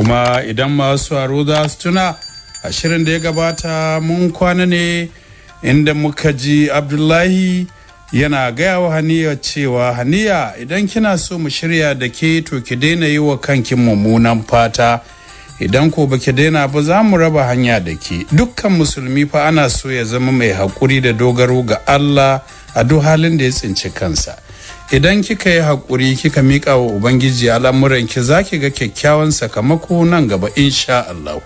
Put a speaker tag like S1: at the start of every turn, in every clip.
S1: kuma idan masu aro za su tuna ashirin da ya gabata mun kwana ne inda muka ji abdullahi yana gaya wa haniya cewa haniya idan kina so mu shirya da ke to ki daina yi wa kankin mummunan fata idan ko ba ki daina ba za mu raba hanya da ke dukkan musulmi fa ana so ya zama mai haƙuri da dogaro ga allah a duk halin da ya tsinci kansa idan kika yi haƙuri kika miƙa wa ubangiji al'amuranki za ki ga kyakkyawan sakamako nan gaba insha Allah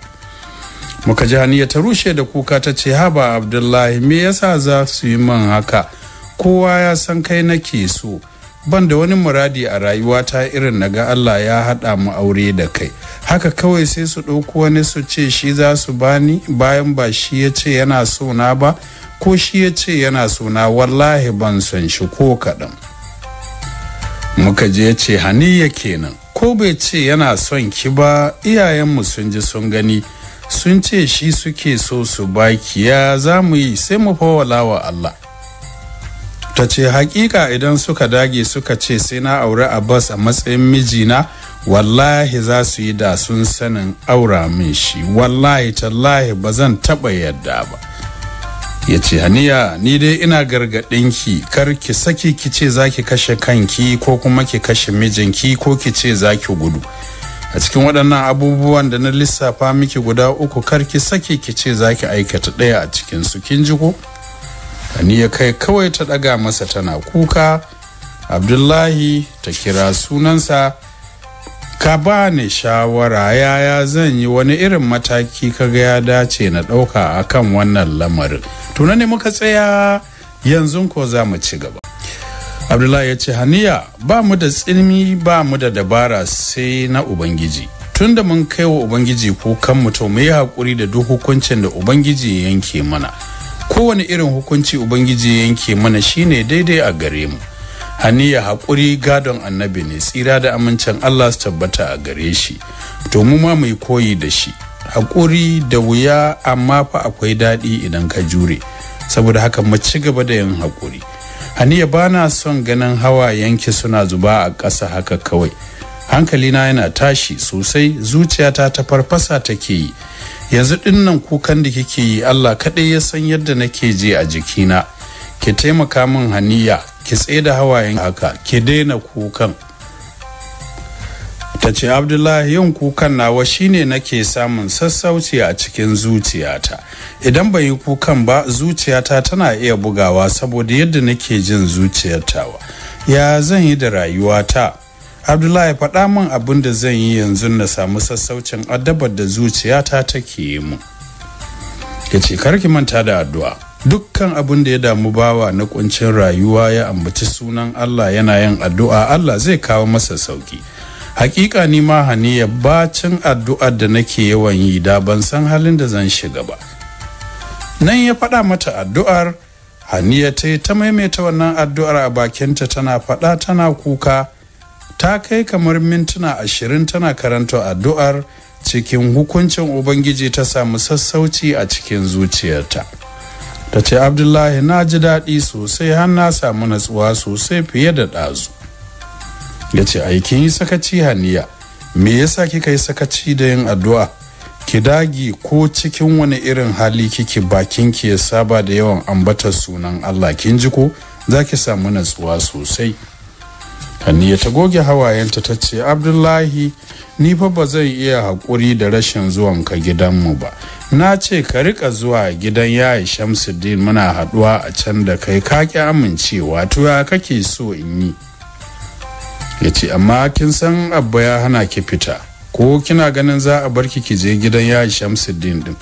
S1: muka ji haniya ta rushe da kuka ta ce haba abdullahi me yasa za su yi man haka kowa ya san kai nake so ban da wani muradi a rayuwata irin naga Allah ya haɗa mu aure da kai haka kawai sai su ɗauko wani su ce shi za su bani bayan ba shi ya ce yana so na ba ko shi ya ce yana so na wallahi ban son shi ko kaɗan muka je ce haniya kenan ko bai ce yana son ki ba iyayenmu sun ji sun gani sun ce shi suke so su baki ya za mu yi sai mu fawala wa Allah ta ce hakika idan suka dage suka ce sai na aure abbas a matsayin mijina wallahi za su yi da sun sanin aura min shi wallahi tallahi ba zan taɓa yadda ba ya ce Haniya ni dai ina gargaɗin ki kar ki saki ki ce za ki kashe kanki ko kuma ki kashe mijinki ko ki ce za ki gudu a cikin waɗannan abubuwan da na lissafa miki guda uku kar ki saki ki ce za ki aikata ɗaya a cikinsu kin ji ko haniya kai kawai ta ɗaga masa tana kuka abdullahi ta kira sunansa ka ba ni shawara yaya zan yi wani irin mataki kaga ya dace na ɗauka akan wannan lamarin tuna ne muka tsaya yanzu ko za mu ci gaba abdullahi ya ce haniya ba mu da tsilmi ba mu da dabara sai na ubangiji tun da mun kai wa ubangiji kukan mu to mu haƙuri da duk hukuncin da ubangiji ya yanke mana kowane irin hukunci ubangiji ya yanke mana shine daidai a gare mu haniya haƙuri gadon annabi ne tsira da amincin Allah su tabbata a gare shi to mu ma mu yi koyi da shi haƙuri da wuya amma fa akwai daɗi idan ka jure saboda haka mu ci gaba da yin haƙuri haniya ba na son ganin hawa yanki suna zuba a ƙasa haka kawai hankalina yana tashi sosai zuciyata ta farfasa take yi yanzu dinnan kukan da kike yi Allah kaɗai ya san yadda nake ji a jikina ke taimaka min haniya ki da hawayen haka ki daina kukan ta ce abdullahi yin kukan nawa shine nake samun sassauci a cikin zuciyata idan ban yi kukan ba zuciyata tana iya bugawa saboda yadda nake jin zuciyatawa. ya zan yi da rayuwata abdullahi faɗa min abin da zan yi yanzu na samu sassaucin addabar da zuciyata take yi mu ya ce karki manta da addu'a dukkan abin da ya damu bawa na kuncin rayuwa ya ambaci sunan Allah yana yin addu'a Allah zai kawo masa sauki hakika ni ma haniya bacin addu'ar da nake yawan yi da ban san halin da zan shiga ba nan ya faɗa mata addu'ar haniya ta ta maimaita wannan addu'ar a bakinta tana faɗa tana kuka ta kai kamar mintuna ashirin tana karanta addu'ar cikin hukuncin ubangiji ta samu sassauci a cikin zuciyarta ta ce abdullahi na ji daɗi sosai har na samu natsuwa sosai fiye da ɗazu ya ce aikin yi sakaci haniya me yasa kika yi sakaci da yin addu'a ki dagi ko cikin wani irin hali kiki bakin ki ya saba da yawan ambatar sunan allah kin ji ko za ki samu natsuwa sosai haniya ta goge hawayenta ta ce abdullahi ni fa ba zai iya haƙuri da rashin zuwan ka gidanmu ba na ce ka rika zuwa gidan yayi shamsuddin muna haɗuwa a can da kai ka ki amincewa to ya kake so in yi ya ce amma kin san abba ya hana ki fita ko kina ganin za a bar ki ki je gidan yayi shamsuddin din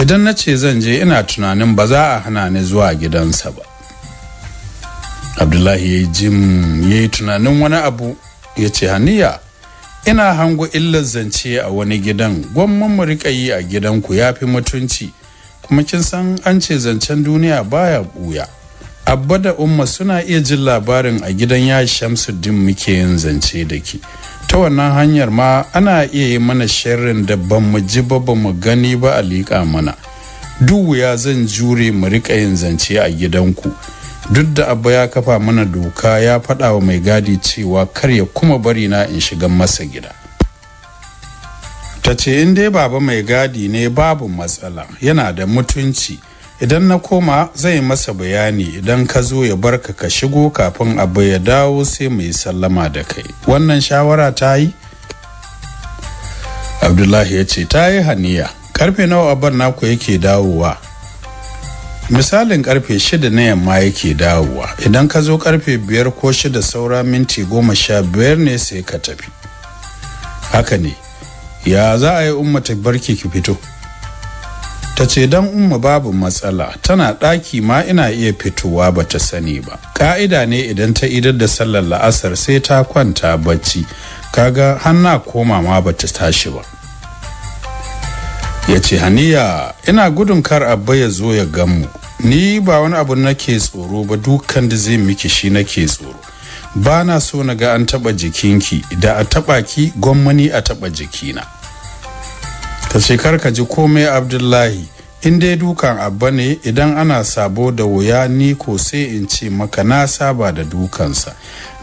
S1: idan na ce zan je ina tunanin ba za a hana ni zuwa gidansa ba abdullahi ya yi jim ya yi tunanin wani abu ya ce haniya ina hango illar zance a wani gidan gwamman mu rika yi a gidanku ya fi mutunci kuma kin san an ce zancen duniya baya buya abba da umma suna iya jin labarin a gidan ya shamsuddin muke yin zance da ki ta wannan hanyar ma ana iya yi mana sharrin da ban mu ji ba ba mu gani ba a liƙa mana duk wuya zan jure mu rika yin zance a gidanku duk da abba ya kafa mana doka ya faɗa wa mai gadi cewa kar ya kuma bari na in shiga masa gida ta ce in dai baba mai gadi ne babu matsala yana da mutunci idan na koma zai masa bayani idan ka zo ya barka ka shigo kafin abu ya dawo sai mai sallama da kai wannan shawara ta yi abdullahi ya ce ta yi haniya karfe nawa abban naku yake dawowa misalin karfe shida na yamma yake dawowa idan ka zo karfe biyar ko shida saura minti goma sha biyar ne sai ka tafi haka ne ya za a yi umma ta barki ki fito ta ce don umma babu matsala tana ɗaki ma ina iya fitowa ba ta sani ba ka'ida ne idan ta idar da sallar la'asar sai ta kwanta bacci kaga hanna koma ma ba ta tashi ba ya ce haniya ina gudun kar abba ya zo ya gamu ni ba wani abu nake tsoro ba dukkan da zai miki shi nake tsoro ba na so na ga an taba jikinki da a taba ki gwamnani a taba jikina ta ce ka ji komai abdullahi in dai dukan abba ne idan ana sabo da wuya ni ko sai in ce maka na saba da dukansa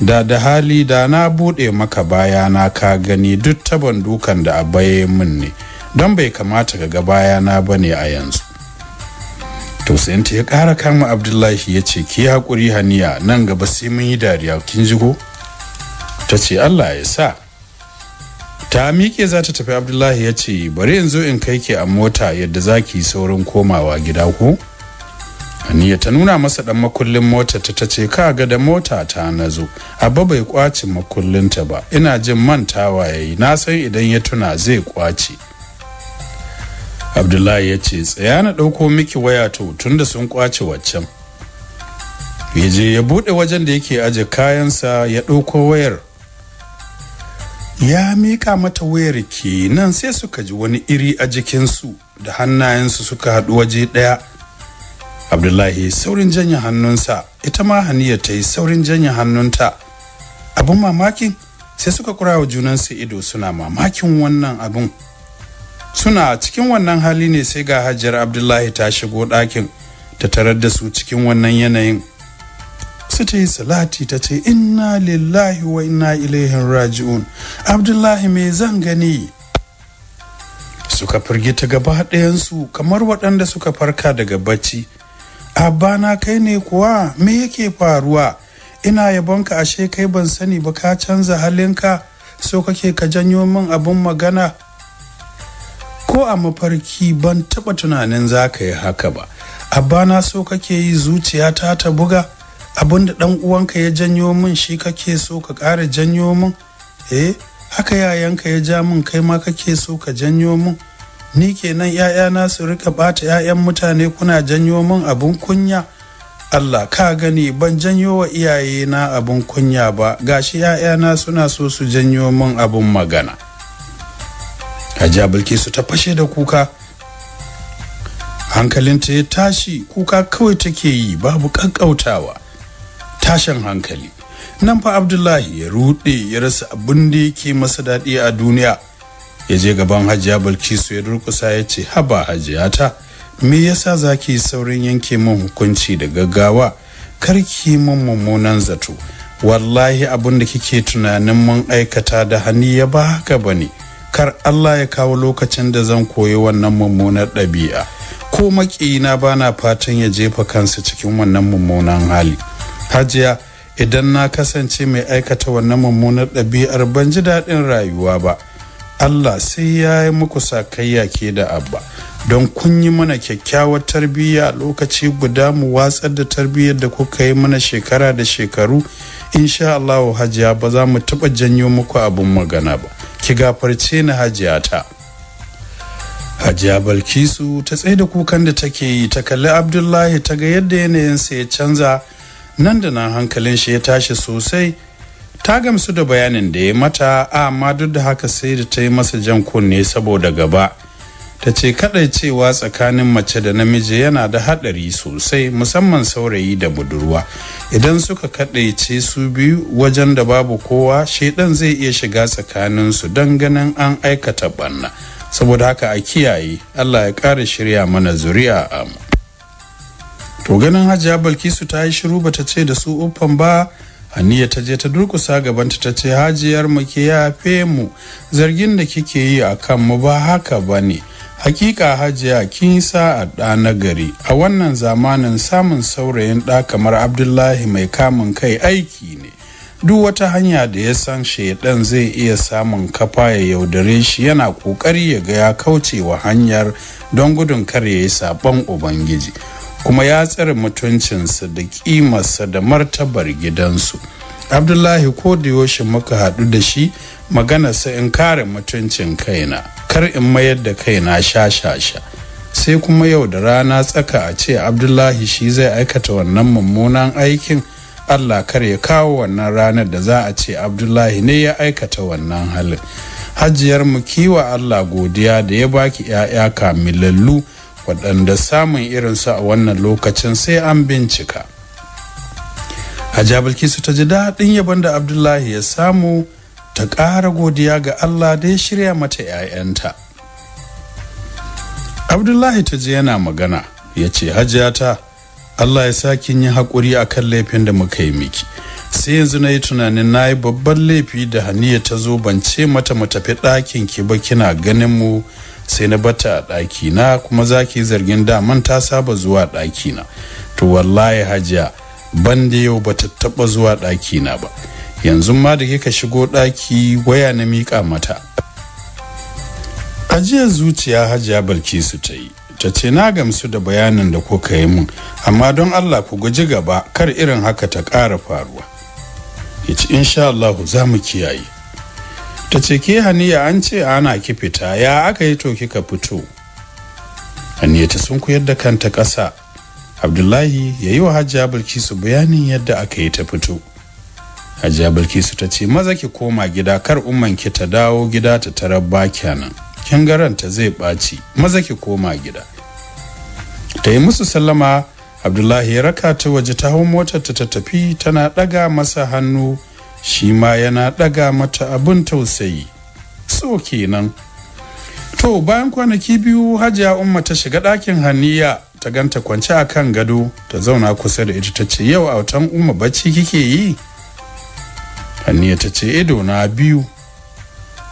S1: da da hali da na buɗe maka bayana ka gani duk taban dukan da abba ya yi min ne don bai kamata ga bayana ba ne a yanzu tausayinta ya ƙara kama abdullahi ya ce ki haƙuri haniya nan gaba sai mun yi dariya kin ji ko ta ce allah ya sa ta miƙe za ta tafi abdullahi ya ce bari yanzu in kai ke a mota yadda za ki saurin komawa gida ko haniya ta nuna masa ɗan makullin mota ta ta ce ka ga da mota ta na zo abba bai ƙwace makullinta ba ina jin mantawa ya yi na san idan ya tuna zai ƙwace abdullahi ya ce tsaya na ɗauko miki waya to tunda sun kwace waccan ya je ya buɗe wajen da yake aje kayansa ya ɗauko wayar ya mika mata wayar kenan sai suka ji wani iri a jikinsu da hannayensu suka haɗu waje ɗaya abdullahi saurin janye hannunsa ita ma haniya ta yi saurin janye hannunta abin mamakin sai suka kura wa junansu ido suna mamakin wannan abin suna cikin wannan hali ne sai ga hajiyar abdullahi ta shigo ɗakin ta tarar da su cikin wannan yanayin su ta yi salati ta ce inna lillahi wa inna ilaihin raji'un abdullahi mai zan gani suka firgita gaba ɗayansu kamar waɗanda suka farka daga bacci na kai ne kuwa me yake faruwa ina yabonka ashe kai ban sani ba ka canza halinka so kake ka janyo min abin magana ko a mafarki ban taɓa tunanin za ka yi haka ba abba na so kake yi zuciya ta ta buga abinda ɗan uwanka ya janyo min shi kake so ka ƙara janyo min eh haka yayanka ya ja min kai ma kake so ka janyo min ni kenan ‘ya'yana su rika ɓata ‘ya'yan mutane kuna janyo min abin kunya Allah ka gani ban janyo wa iyayena abin kunya ba gashi ‘ya'yana suna so su janyo min abin magana hajiya bilkisu ta fashe da kuka hankalinta ya tashi kuka kawai take yi babu kankautawa tashin hankali nan fa abdullahi ya rude ya rasa abin da yake masa daɗi a duniya ya je gaban hajiya bilkisu ya durkusa ya ce haba hajiyata me yasa zaki saurin yanke min hukunci da gaggawa karki min mummunan zato wallahi abin da kike tunanin mun aikata da hani ya ba haka ne. kar Allah ya kawo lokacin da zan koyi wannan mummunar ɗabi'a ko makiyina ba na fatan ya jefa kansa cikin wannan mummunan hali hajiya idan na kasance mai aikata wannan mummunar ɗabi'ar ban ji daɗin rayuwa ba Allah sai ya yi muku sakayya ke da abba don kun yi mana kyakkyawar tarbiyya lokaci guda mu watsar da tarbiyyar da kuka yi mana shekara da shekaru insha Allahu hajiya ba za mu taɓa janyo muku abin magana ba ki gafarce ni hajiya ta hajiya balkisu ta tsaye da kukan da take yi ta kalli abdullahi ta ga yadda yanayinsa ya canza nan da nan hankalin shi ya tashi sosai ta gamsu da bayanin da ya mata amma duk da haka sai da ta yi masa jan kunne saboda gaba ta ce kadai cewa tsakanin mace da namiji yana da haɗari sosai musamman saurayi da budurwa idan suka kaɗaice su biyu wajen da babu kowa shaidan zai iya shiga tsakanin su don ganin an aikata banna saboda haka a kiyaye allah ya kara shirya mana zuri'a amu to ganin hajiya balkisu ta yi shiru ba ta ce da su uffan ba Aniya ta je ta durkusa gabanta ta ce hajiyar mu ke yafe mu zargin da kike yi a kan mu ba haka ba ne hakika hajiya kin sa'a ɗa na gari a wannan zamanin samun saurayin ɗa kamar abdullahi mai kamun kai aiki ne duk wata hanya da ya san shaidan zai iya samun kafa ya yaudare shi yana kokari ya ga ya kauce wa hanyar don gudun kar ya yi sabon ubangiji kuma ya tsare mutuncinsa da kimarsa da martabar gidansu abdullahi ko da yaushe muka haɗu da shi sa in kare mutuncin kaina kar in mayar da kaina sha-sha-sha sai kuma yau da rana tsaka a ce abdullahi shi zai aikata wannan mummunan aikin allah kar ya kawo wannan ranar da za a ce abdullahi ne ya aikata wannan halin hajiyar mu kiwa allah godiya da ya baki 'ya'ya kamilallu waɗanda samun irinsu a wannan lokacin sai an bincika hajja bilkisu ta ji daɗin yabon da abdullahi ya samu ta ƙara godiya ga Allah da ya shirya mata 'ya'yanta. Abdullahi ta ji yana magana ya ce hajiyata Allah ya sakin yi haƙuri a kan laifin da muka yi miki. Sai yanzu na yi tunanin na yi babban laifi da haniya ta zo ban ce mata mu tafi ɗakin ki ba kina ganin mu sai na bata a ɗaki na kuma za ki zargin daman ta saba zuwa ɗaki na. To wallahi hajiya ban da yau ba ta taɓa zuwa ɗaki na ba. yanzu ma da kika shigo ɗaki waya na miƙa mata ajiyar zuciya hajiya balkisu ta yi ta ce na gamsu da bayanin da kuka yi mun amma don allah ku guji gaba kar irin haka ta ƙara faruwa ya ci insha allah za mu kiyaye ta ce ke haniya an ce ana ki fita ya aka yi to kika fito haniya ta sun koyar da kanta ƙasa abdullahi ya yi wa hajiya bilkisu bayanin yadda aka yi ta fito hajiya bilkisu ta ce maza ki koma gida kar umman ki ta dawo gida ta tarar ba kenan kin garanta zai ɓaci maza ki koma gida ta yi musu sallama abdullahi ya raka ta waje ta hau motar ta ta tafi tana ɗaga masa hannu shi ma yana ɗaga mata abin tausayi so kenan to bayan kwanaki biyu hajiya umma ta shiga ɗakin haniya ta ganta kwance a kan gado ta zauna kusa da ita ta ce yau autan umma bacci kike yi haniya ta ce ido na biyu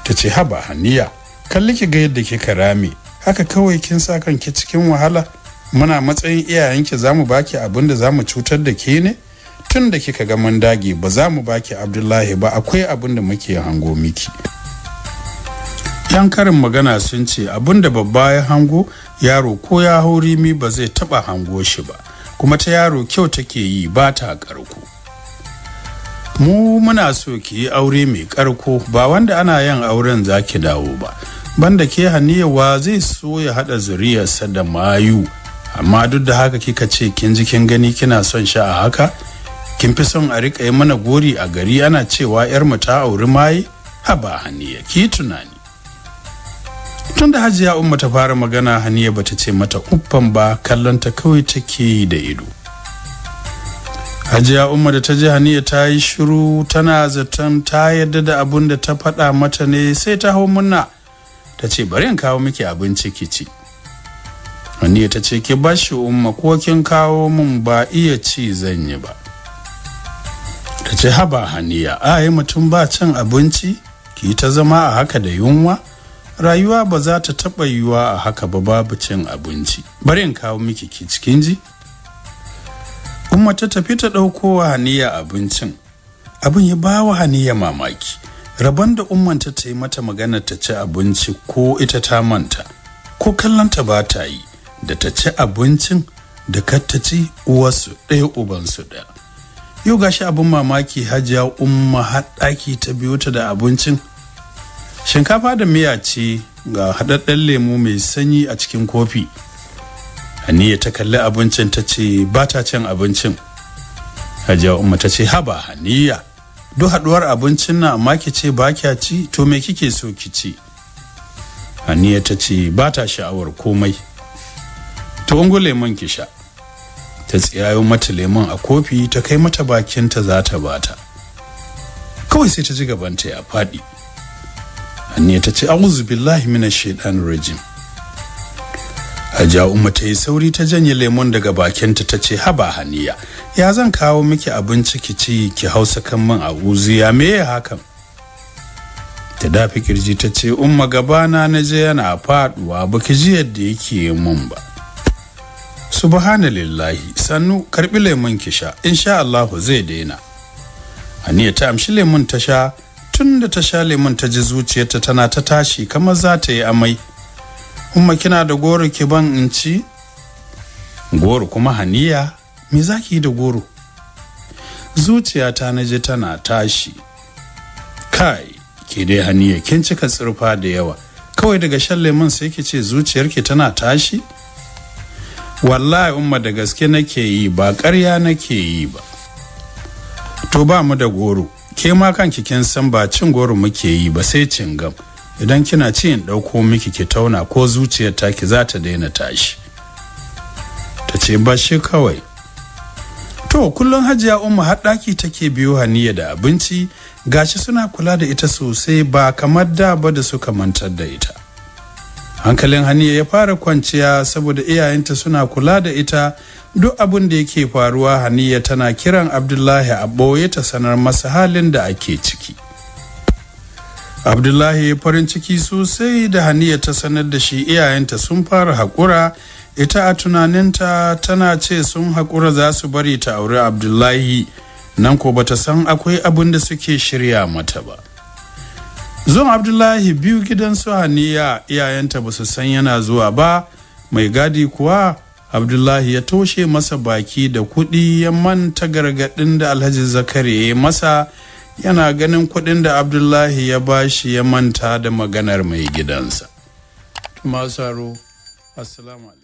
S1: ta ce haba haniya kalli ki ga yadda kika rame haka kawai kin sa kanki cikin wahala muna matsayin iyayenki za mu baki abin da za cutar da ke ne tun da kika ga mun dage ba za mu baki abdullahi ba akwai abin da muke hango miki yan karin magana sun ce abin da babba ya hango yaro ko ya hauri mi ba zai taba hango shi ba kuma ta yaro kyau take yi ba ta karko mu muna so ki yi aure mai karko ba wanda ana yin auren za ki dawo ba banda ke haniyawa zai so ya haɗa zuriyarsa da mayu amma duk da haka kika ce kin ji kin gani kina son shi a haka kin fi son a rika yi mana gori a gari ana cewa yar mu ta auri maye haba haniya ki tunani tun da hajiya umma ta fara magana haniya bata ce mata uffan ba kallon ta kawai take da ido hajiya umma da ta ji haniya ta yi shiru tana zaton ta yadda da abun da ta faɗa mata ne sai ta hau munna ta ce bari in kawo miki abinci ki ci haniya ta ce ki bashi umma ko kin kawo min ba iya ci zan yi ba ta ce haba haniya a yi mutum ba cin abinci ki ta zama a haka da yunwa rayuwa ba za ta taɓa yiwuwa a haka ba babu cin abinci bari in kawo miki ki cikin ji umma ta tafi ta ɗauko wa haniya abincin abin ya ba wa haniya mamaki rabon da ummanta ta yi mata magana ta ci abinci ko ita ta manta ko kallonta ba ta yi da ta ci abincin da ta ci uwarsu ɗaya ubansu ɗaya yau gashi abin mamaki hajiya umma haɗaki ta biyo ta da abincin shinkafa da miya ce ga haɗaɗɗen lemu mai sanyi a cikin kofi haniya ta kalli abincin ta ce ba ta cin abincin hajiya umma ta ce haba haniya duk haduwar abincin na amma ki ce ba kya ci to me kike so ki ci haniya ta ce ba ta sha'awar komai to ungo lemon ki sha ta tsiyayo mata lemon a kofi ta kai mata bakinta za ta bata kawai sai ta ji ta ya faɗi haniya ta ce a'udhu billahi minash shaitanir rajim hajiya umma ta yi sauri ta janye lemon daga bakin ta ce haba haniya ya zan kawo miki abinci ki ci ki hausa kan man a uziya me ya hakan ta dafi kirji ta ce umma gabana na je yana faduwa ba ki ji yadda yake mun ba subhanallahi sannu karbi lemon ki sha insha Allah zai daina haniya ta amshi lemon ta sha tunda ta sha lemon ta ji zuciyarta tana ta tashi kamar za ta yi amai umma kina da goro ki ban in ci goro kuma haniya me za ki yi da goro zuciyata na ji tana tashi kai ke dai haniya kin cika tsirfa da yawa kawai daga shan lemun sai ke ce zuciyarki tana tashi wallahi umma da gaske nake yi ba ƙarya nake yi ba to ba mu da goro ke ma kanki kin san ba cin goro muke yi ba sai cin gam idan kina ci in ɗauko miki ki tauna ko zuciyar taki za ta daina tashi ta ce ba shi kawai to kullum hajiya umma har take biyo haniya da abinci gashi suna kula da ita sosai ba kamar da ba da suka mantar da ita hankalin haniya ya fara kwanciya saboda iyayenta suna kula da ita duk abin da yake faruwa haniya tana kiran abdullahi a ɓoye ta sanar masa halin da ake ciki abdullahi farin ciki sosai da haniya ta sanar da shi iyayenta sun fara haƙura ita a tunaninta tana ce sun haƙura za su bari ta auri abdullahi nan ko bata san akwai abin da suke shirya mata ba zuwan abdullahi biyu gidan su haniya iyayenta ba su san yana zuwa ba mai gadi kuwa abdullahi ya toshe masa baki da kuɗi ya manta gargaɗin da alhaji zakari ya masa yana ganin kuɗin da abdullahi ya bashi ya manta da maganar mai gidansa. Masaro, assalamu